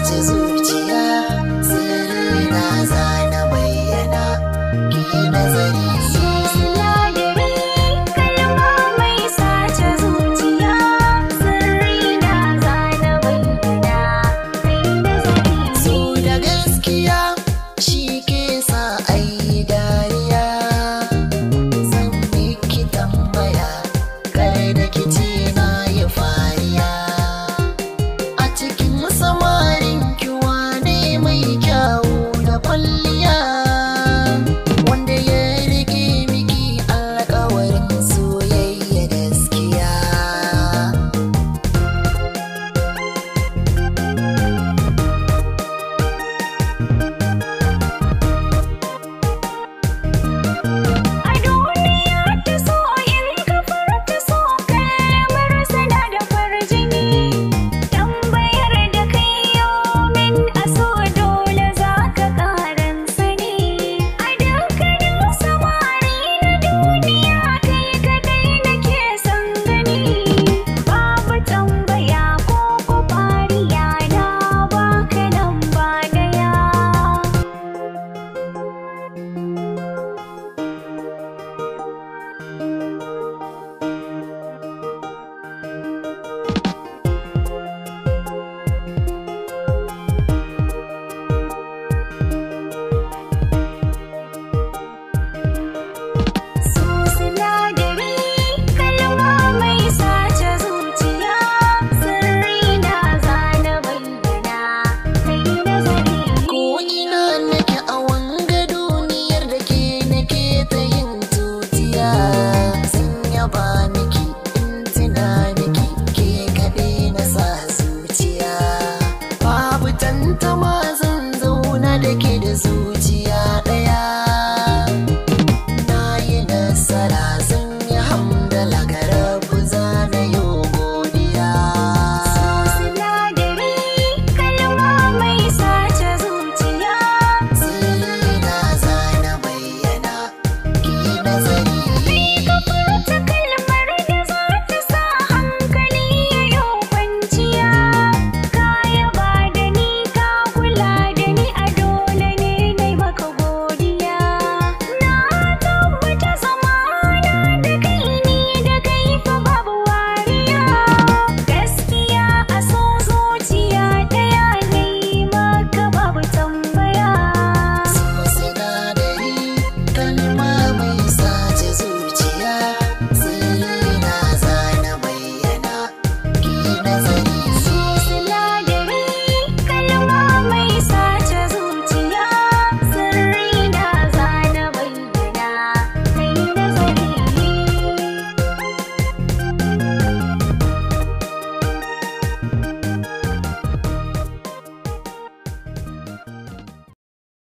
It's me. God.